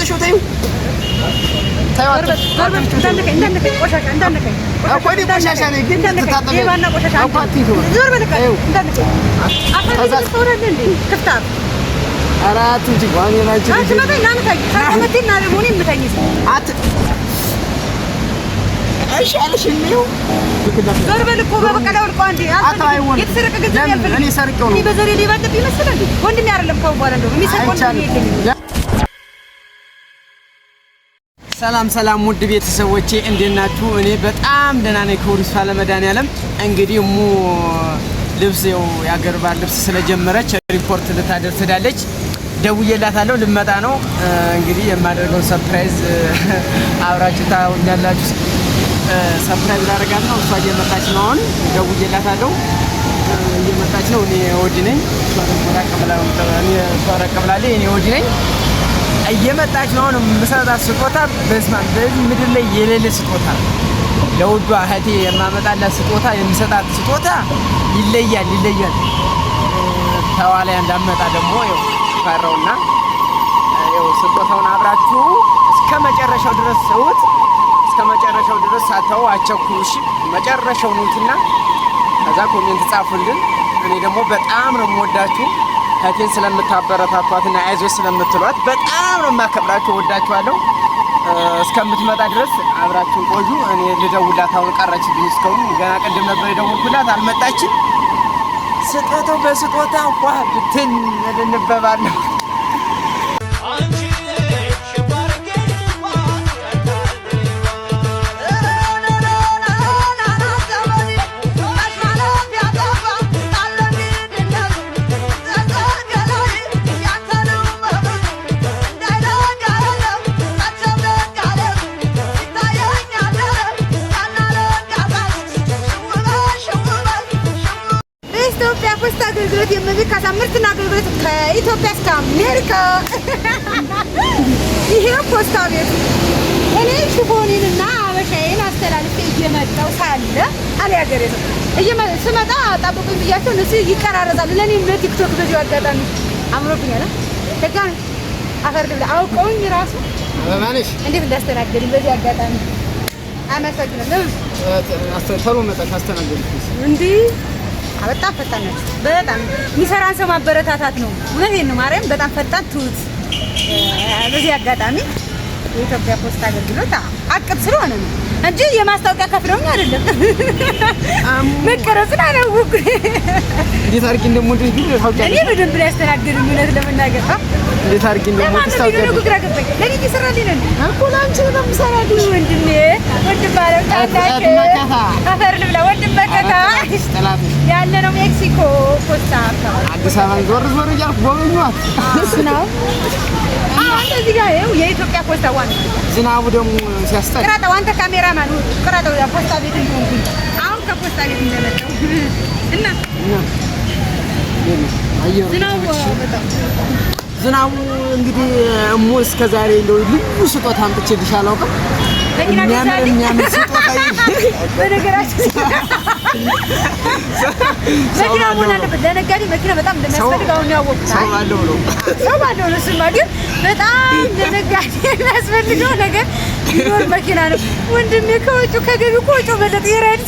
ገልጠሽው ተይው ሰርቄው ሰላም ሰላም ውድ ቤተሰቦቼ እንዴት ናችሁ? እኔ በጣም ደህና ነኝ። ክብሩ ይስፋ ለመድኃኒዓለም። እንግዲህ እሙ ልብስ ያው የአገር ባህል ልብስ ስለጀመረች ሪፖርት ልታደርስ ሄዳለች። ደውዬላታለሁ፣ ልመጣ ነው። እንግዲህ የማደርገው ሰርፕራይዝ አብራችሁ ታውኛላችሁ። ሰርፕራይዝ ላደርጋት ነው። እሷ እየመጣች ነው። አሁን ደውዬላታለሁ፣ እየመጣች ነው። እኔ ወዲ ነኝ። እሷ ረቀብላለች። እኔ ወዲ ነኝ እየመጣች ነው። አሁን የምሰጣት ስጦታ በስማ በዚህ ምድር ላይ የሌለ ስጦታ ለውዷ እህቴ የማመጣላት ስጦታ የምሰጣት ስጦታ ይለያል ይለያል። ተዋላ እንዳመጣ ደግሞ ው ፈራውና ው ስጦታውን አብራችሁ እስከ መጨረሻው ድረስ ሰውት እስከ መጨረሻው ድረስ ሳተው አቸኩ እሺ መጨረሻው ነውትና ከዛ ኮሜንት ጻፉልን። እኔ ደግሞ በጣም ነው የምወዳችሁ። ከፊል ስለምታበረታቷትና አይዞች ስለምትሏት በጣም ነው የማከብራችሁ፣ ወዳችኋለሁ። እስከምትመጣ ድረስ አብራችሁ ቆዩ። እኔ ልደውላት አሁን ቀረች ቀረችብኝ። እስከሁ ገና ቅድም ነበር የደወልኩላት አልመጣችም። ስጦታው በስጦታ እንኳ ብትን ልንበባለሁ ከኢትዮጵያ እስከ አሜሪካ ይሄ ፖስታ ቤቱ እኔ ሽፎኔንና አበሻዬን አስተላልፌ እየመጣሁ ሳለ አለ ያገሬ ስመጣ ጠብቁኝ ብያቸው እነሱ ይቀራረጻሉ። ለእኔ ቲክቶክ በዚሁ አጋጣሚ አምሮብኛል። ደጋ አፈር ብላ አውቀውኝ ራሱ እንዴት እንዳስተናገዱ በዚህ አጋጣሚ አመሰግናለሁ። በጣም ፈጣን ናቸው። በጣም የሚሰራን ሰው ማበረታታት ነው። እውነቴን ነው። ማርያም በጣም ፈጣን ትሁት። በዚህ አጋጣሚ የኢትዮጵያ ፖስታ አገልግሎት አቅብ ስለሆነ ነው እንጂ የማስታወቂያ ከፍለውኝ አይደለም። መቀረጹን አላወኩም። እንዴት አድርጊ እንደምወድሽ ግን ታውቂያለሽ። እኔ በደንብ ላይ ያስተናግድም እውነት ለመናገር እንዴት አድርጊ እንደምወድሽ ታውቂያለሽ። ግራ ገባኝ። ለኔ እየሰራልኝ ነው እኮ ለአንቺ ነው የምሰራልሽ ወንድሜ። ወንድም ባለው ጣጣ አፈር ልብላ ወንድም መከታ ያለ ነው ሜክሲኮ ኮስታ አዲስ አበባ ዞር ዞር እያልኩ ጎበኟት። እሱ ነው እዚህ ጋር ይኸው የኢትዮጵያ ፖስታ ዋና ዝናቡ ደግሞ ሲያስጠላ ቅረጠው። አንተ ካሜራማን ቅረጠው። ፖስታ ቤት አሁን ከፖስታ ቤት እንደመጣሁ እና ዝናቡ እንግዲህ እሞ እስከ ዛሬ እንደው ልዩ ስጦታ አምጥቼልሽ አላውቅም የሚያምር የሚያምር ስጦታ በነገራችን መኪና መሆን አለበት። ለነጋዴ መኪና በጣም እንደሚያስፈልግ አሁን ያወቅሁት ሰው ባለው ነው። እሱማ ግን በጣም ለነጋዴ የሚያስፈልገው ነገር ቢኖር መኪና ነው ወንድሜ። ከወጪ ከገቢ ከወጪ በለጥ የራይድ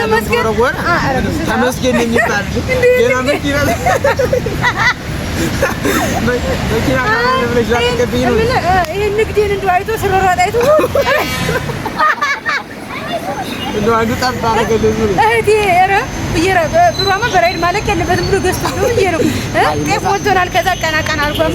ተመስገን ተመስገን የሚባል ሌላ መኪና ይሄን ንግዴን እንደው አይቶ ስሮሯጥ አይቶ እንደው አንዱ ጠባ ነገር እህቴ ኧረ ብዬሽ ነው። ብሯማ በራይድ ማለቅ ያለበትም ብሎ ገዝቶ ነው ብዬሽ ነው። ጤፍ ወጥቶናል። ከዛ ቀና ቀና አልኳት።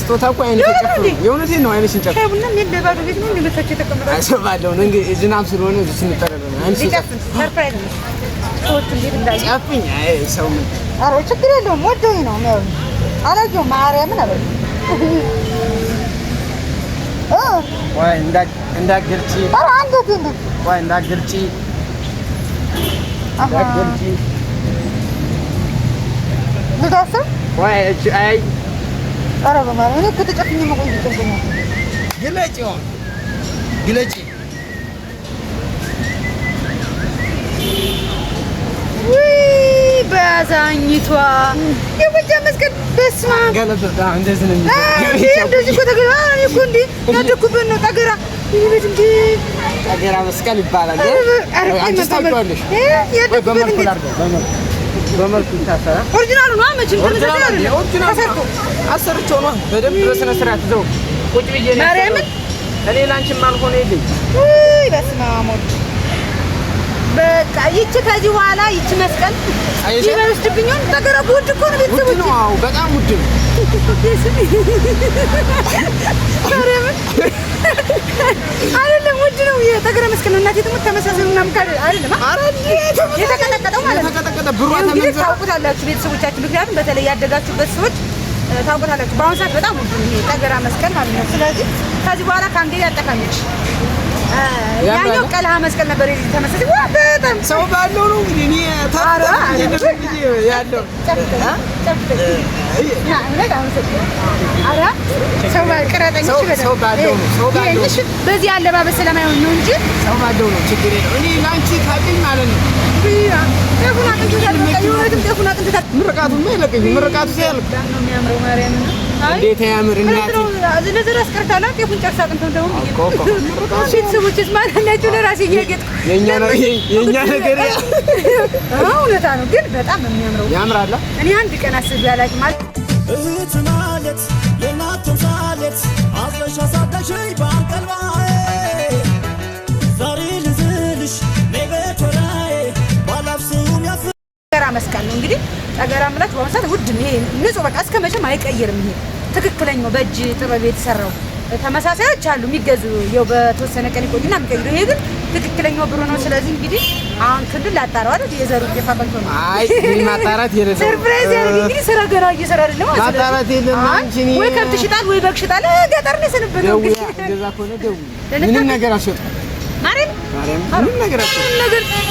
ስጦታ እኮ አይነት ተጨፈረ። የእውነቴን ነው። አይነሽን ጨፍር። ሻይ ቡና ምን በባዶ ቤት ነው እንደበታችሁ የተቀመጣችሁ? አይሰማለሁ። እንግዲህ ዝናብ ስለሆነ እዚህ ስንጠረረ ነው። ነው። ወይ ኧረ በማርያም እኔ እኮ ተጨፍኜ መቆየት ይቀርብኛል። ግለጪው ግለጪ። በዛኝቷ የጎጃም መስቀል በስመ አብ ገለበጣ። እንደዚህ ነው እንደዚህ እኮ ተገራ። እኔ እኮ እንደ ያደኩበት ነው ጠገራ ጠገራ መስቀል ይባላል። በመልኩ ይታሰራል። ኦሪጂናሉ ነው መቼም ተሰርቶ አሰርቸው ነው በደንብ በስነ ስርዓት ዘው ቁጭ ብዬ ነው ማርያምን እኔ ላንቺ ማልሆነ ይልኝ ወይ በስመ አብ በቃ ይቺ ከዚህ በኋላ ይቺ መስቀል ይበርስድብኝ። ውስድብኝ ሆን ውድ እኮ ነው። ቤተሰቦች ነው በጣም ውድ ነው። አይደለም ውድ ነው። የተገረ መስቀል እናቴ ትሙት ተመሳሳይ ምናምን ካለ አይደለም የተቀጠቀጠው ማለት ነው። እንግዲህ ታውቁታላችሁ ቤተሰቦቻችሁ፣ ምክንያቱም በተለይ ያደጋችሁበት ሰዎች ታውቁታላችሁ። በአሁኑ ሰዓት በጣም ውድ ነው ይሄ መስቀል ማለት ነው። ስለዚህ ከዚህ በኋላ ከአንዴ ያጠቃሚች ያኛው ቀለሃ መስቀል ነበር የተመሰለኝ። ዋ በጣም ሰው ባለው ነው እንግዲህ እኔ ታራ ያለው በዚህ አለባበስ ስለማይሆን ነው እንጂ ሰው ባለው ነው ችግር የለውም። እኔ ለአንቺ ታውቂኝ ማለት ነው። ምርቃቱማ ምርቃቱ ሲያልቅ እንዴት ያምር እናት ዝርዝር ነገር እውነታ ነው፣ ግን በጣም የሚያምረው ያምራል። እኔ አንድ ቀን አስቤ አላውቅም እህት ማለት የእናት ተምሳሌት አዝለሽ አሳደግሽኝ በአንቀልባ መስጋን ነው እንግዲህ ጠገራ ምላች በመሰል ውድ ነው። ይሄ ንጹህ በቃ እስከ መቼም አይቀይርም። ይሄ ትክክለኛው በእጅ ጥበብ የተሰራው ተመሳሳዮች አሉ የሚገዙ ያው በተወሰነ ቀን ይቆዩና የሚቀይሩ። ይሄ ግን ትክክለኛው ብሩ ነው። ስለዚህ እንግዲህ አሁን ክልል ላጣራው አይደል የዘሩ የፋብሪካ ነው። አይ ማጣራት የለም ሰርፕራይዝ ያለ እንግዲህ ስራ ገና እየሰራ አይደለም። ማጣራት የለም። አንቺ ወይ ከብት ሽጣል ወይ በግ ሽጣል። ገጠር ነው የሰነበተው። ደው እንደዛ ከሆነ ደው ምንም ነገር አሸጥ ማረም ማረም ምንም ነገር አሸጥ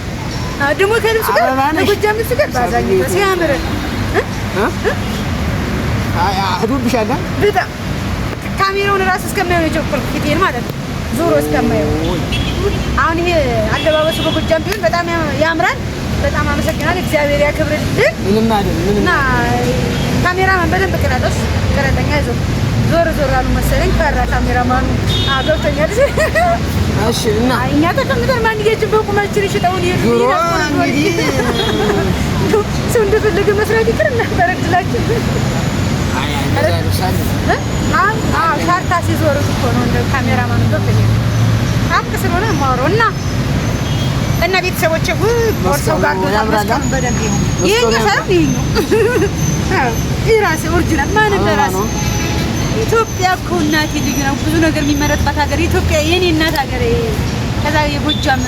ደግሞ ከልብሱ ጋር ለጎጃም ልብስ ጋር ባዛኝ ሲያምር አዶብሻለሁ በጣም ካሜራውን ራስ እስከማየው ነው የጨቆልኩት፣ ፊቴን ማለት ነው ዞሮ እስከማየው። አሁን ይሄ አለባበሱ በጎጃም ቢሆን በጣም ያምራል። በጣም አመሰግናለሁ። እግዚአብሔር ያክብርልን። ምንም አይደል ምንም ና ካሜራማን በደንብ ቅረጠስ ቅረጠኛ ይዞ ዞር ዞር አሉ መሰለኝ። ፈራ ካሜራማኑ ገብቶኛል እሺ። እና እኛ ተቀምጠን ማን የጅበው ቁማችን ይሽጣውን ይሄዱ ሰው እንደፈለገ መስራት ይቅርና ተረድላችሁ። አይ ሲዞሩት እኮ ነው እንደ ካሜራማን ሀቅ ስለሆነ የማወራው እና እና ቤተሰቦቼ ወርሰው ጋር ይሄኛው ሰላም ይሄኛው ይራሴ ኦሪጂናል ማንም ለራሴ ኢትዮጵያ እኮ እናቴ ልዩ ነው። ብዙ ነገር የሚመረጥባት ሀገር ኢትዮጵያ የኔ እናት ሀገር። ከዛ የጎጃም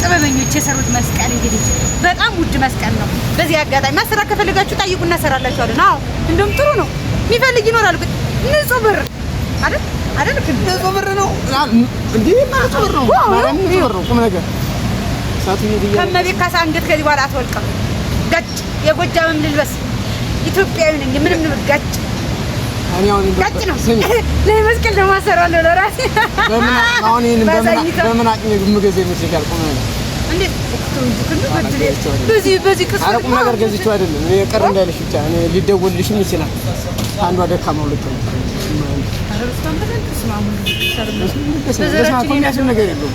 ጥበበኞች የሰሩት መስቀል እንግዲህ በጣም ውድ መስቀል ነው። በዚህ አጋጣሚ ማሰራት ከፈለጋችሁ ጠይቁ፣ እናሰራላችኋለን። አዎ እንደውም ጥሩ ነው። የሚፈልግ ይኖራል። ንጹህ ብር አይደል አይደል? ንጹህ ብር ነው እንዴ! ማለት ብር ነው ማለት ንጹህ ብር ነው። ቁም ነገር ከመቤት ካሳ አንገት ከዚህ በኋላ አትወልቅም። ገጭ የጎጃምም ልልበስ ኢትዮጵያዊ ነኝ። ምንም ንብር ገጭ መስቀል ደግሞ አሰራለሁ ለራሴ። አሁን ይሄንን በምን አቅሜ የምገዛው ይመስልሻል? ቁም ነገር ገዝቼው አይደለም ቅር እንዳይልሽ ብቻ ሊደወልልሽም ይችላል። አንዷ ደካማ ሁለት ነው። የሚያስብ ነገር የለውም።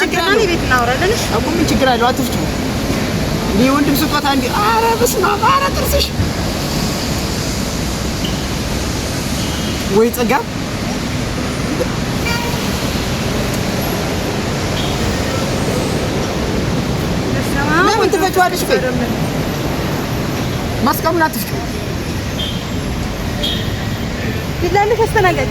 ምን ችግር አለው? አትፍጩ። እኔ ወንድም ስጦታ እንዲ ኧረ በስመ አብ ኧረ ጥርስሽ ወይ ጸጋ ለምን ትፈጪዋለሽ? ማስቀሙን አትፍጩ። ይላልሽ አስተናጋጅ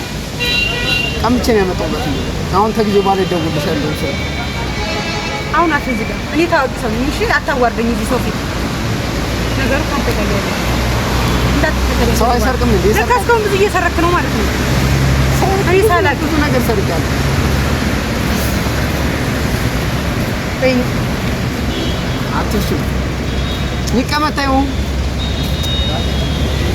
ቀምቼ ነው ያመጣሁበት። አሁን ተጊዜ ባለ እደውልልሻለሁ። ሰው አሁን አትዝጋ። እኔ ታዋቂ ሰው ነኝ። እሺ አታዋርደኝ። እዚህ ሰው ፊት ነገሩ ካንተቀለለ እንዳትተቀለለ ሰው አይሰርቅም እንዴ? ለካስከውን ብዙ እየሰረክ ነው ማለት ነው። እኔ ሳላቅ ብዙ ነገር ሰርቻለሁ። አትሽም ይቀመጣዩ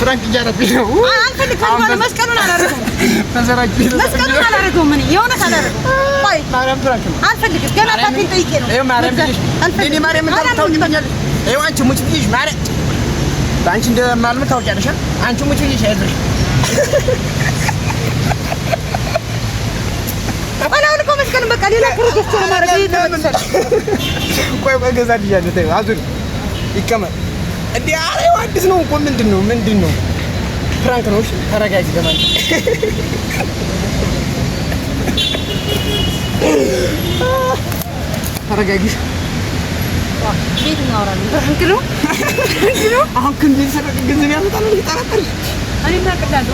ፍራንክ እያደረኩኝ ነው። አንፈልግ ፈልጓል። መስቀሉን አላደረገውም። መስቀሉን አላደረገውም። ምን የእውነት አላደረገውም። ቆይ ማርያም ፍራንክ ነው። አልፈልግም። ገና ታቴን ጠይቄ ነው። ይኸው ማርያም ብዬሽ እኔ ማርያም ታውቂኛለሽ። ይኸው አንቺ ሙች ማርያም በአንቺ እንደማልምል ታውቂያለሽ። አንቺ ሙች ብዬሽ አይዞሽ ሌላ ፕሮጀክት ነው ማድረግ ይሄ ቆይ በገዛ ልያለሁ ተይው፣ አዙሪ ይቀመጥ እንዴ! ኧረ ይኸው አዲስ ነው እኮ ምንድን ነው ምንድን ነው? ፕራንክ ነው። ተረጋጅ። ገማን ተረጋጊ። ቤት እናወራለን። ፕራንክ ነው። አሁን ነው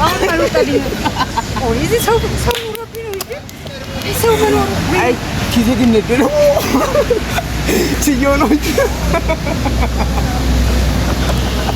አሁን ካልወጣልኝ ሰው ሰው ነው።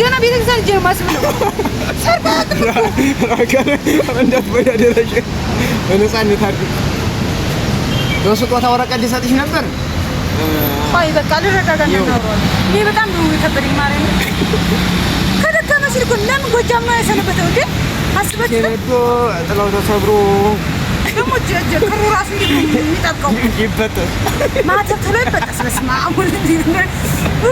ገና ቤተክርስቲያን ሂጅ ነው የማስብለው። እንዳትበዳደረሽ በነፃነት አድርግ። በስጦታ ወረቀት ሊሰጥሽ ነበር። ቆይ በቃ ልረጋጋ እናወራዋለን። ይሄ በጣም ነው የከበደኝ ማለት ነው። ከደከመ ለምን ጎጃም ነው ያሰነበተው? እንደ አስበት ጥላው ተሰብሮ ደግሞ ክሩ ራሱ የሚጠብቀው ይበጠስ ማተብ ተሎ ይበጠስ። በስመ አብ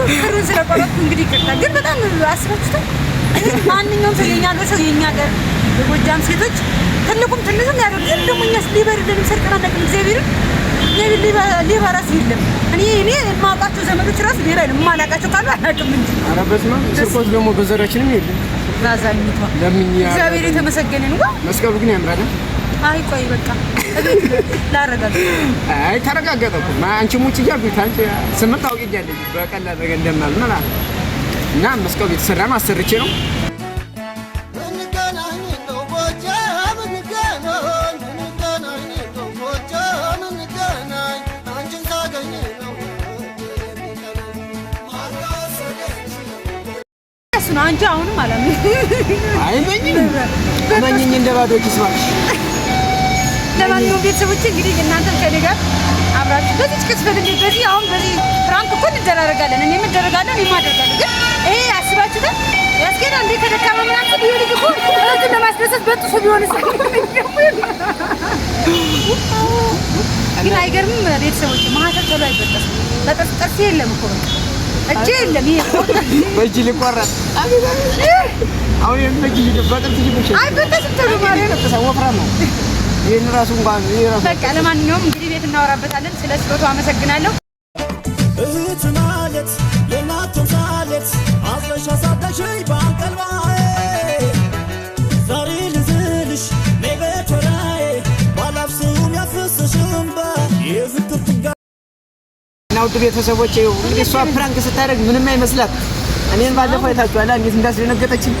ክሩን ስለቆረጥኩ እንግዲህ ይቅርታ። ግን በጣም አስበችታል። ማንኛውም ሰው የኛ ሰው የኛ ገር የጎጃም ሴቶች ትልቁም ትንሹም ያደርግ ደግሞ እኛስ ሊበርልን ሰርቀና ነቅም እግዚአብሔርን ሌባ ራሱ የለም። እኔ እኔ የማውቃቸው ዘመዶች ራሱ ሌባ የለም። የማላውቃቸው ካሉ አላውቅም እንጂ ኧረ በስመ አብ ስርቆት ደግሞ በዘራችንም የለም። ዛዛኝቷ እግዚአብሔር የተመሰገነ ነው። መስቀሉ ግን ያምራል። አይ ቆይ በቃ ላረጋግጥ። አይ ተረጋገጠ እኮ አንቺ ሙች እያልኩኝ አንቺ ስምንት ታውቂኛለሽ በቀላል ነገር እና ነው እሱ ነው አሁንም አላምንም። አይ በእኝም በእኝኝ እንደ ባዶ ኪስ እባክሽ ለማንኛውም ቤተሰቦች እንግዲህ እናንተ ከኔ ጋር አብራችሁ በዚህ ቅጽበት እንግዲህ በዚህ አሁን በዚህ ፍራንክ እኮ እንደራረጋለን እኔም እንደራረጋለሁ እኔም አደርጋለሁ። ግን ይሄ አስባችሁታል ያስኬዳ እንዴ? ከደካማ ምናምን ይሄ ልጅ እኮ እውነቱን ለማስደሰት በጥሱ ቢሆን ግን አይገርምም? ቤተሰቦች ማህተብ ቶሎ አይበጠስም። በጠስጠርሴ የለም እኮ እጄ የለም። ይሄ በእጅ ሊቆረጥ አሁን በእጅ ሊደበጥም ትጅ አይበጠስም። ተሉ ማሪ ነው ወፍራም ነው ይህን ራሱ እንኳን በቃ ለማንኛውም እንግዲህ ቤት እናወራበታለን። ስለ ስጦቱ አመሰግናለሁ። እህት ማለት የናቶ ተምሳሌት አዝለሽ አሳደግሽኝ በአንቀልባዬ ዛሬ ልዝልሽ ነይ ቤት ወራዬ ባላፍስም ያፈስሽ እንባ የፍቅር ትጋ ውድ ቤተሰቦች እንግዲህ እሷ ፕራንክ ስታደርግ ምንም አይመስላት። እኔን ባለፈው አይታችኋል እንዴት እንዳስደነገጠችኝ።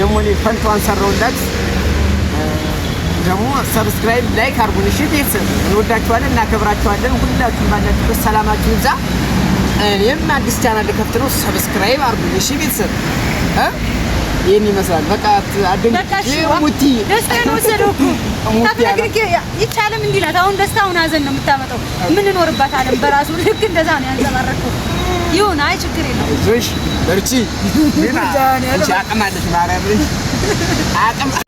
ደግሞ እኔ ፈንታዋን ሰራሁላት። ደግሞ ሰብስክራይብ፣ ላይክ አድርጉን። እሺ ቤተሰብ እንወዳችኋለን፣ እናከብራችኋለን። ሁላችሁም ባላችሁበት ሰላማችሁ ይብዛ። እኔም አዲስ ቻናል ልከፍት ነው። ሰብስክራይብ አድርጉን። እሺ ቤተሰብ ይህን ይመስላል። በቃ አደሙቲ ደስታዬን ወሰደው እኮ ይቻለም እንዲላት አሁን ደስታ አዘን ነው የምታመጣው። የምንኖርባት አለም በራሱ ልክ እንደዛ ነው ያንጸባረቀው። ይሁን አይ ችግር የለውም። እሺ በርቺ። አቅም አለሽ ማርያም ልጅ አቅም